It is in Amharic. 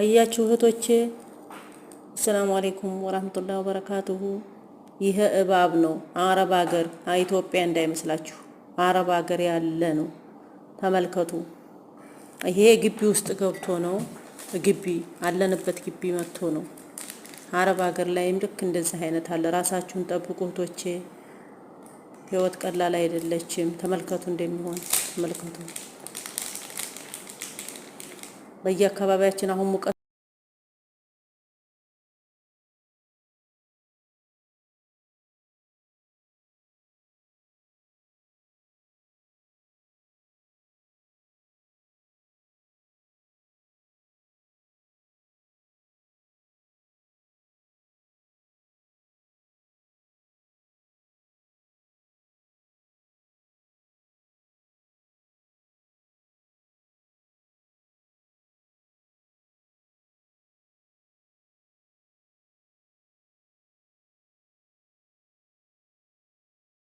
አያችሁ እህቶቼ። አሰላሙ አሌይኩም ወራህመቱላሂ ወበረካቱሁ። ይሄ እባብ ነው። አረብ ሀገር ኢትዮጵያ እንዳይመስላችሁ፣ አረብ ሀገር ያለ ነው። ተመልከቱ። ይሄ ግቢ ውስጥ ገብቶ ነው። ግቢ አለንበት ግቢ መጥቶ ነው። አረብ ሀገር ላይም ልክ እንደዚህ አይነት አለ። ራሳችሁን ጠብቁ እህቶቼ። ህይወት ቀላል አይደለችም። ተመልከቱ እንደሚሆን ተመልከቱ። በየአካባቢያችን አሁን ሙቀት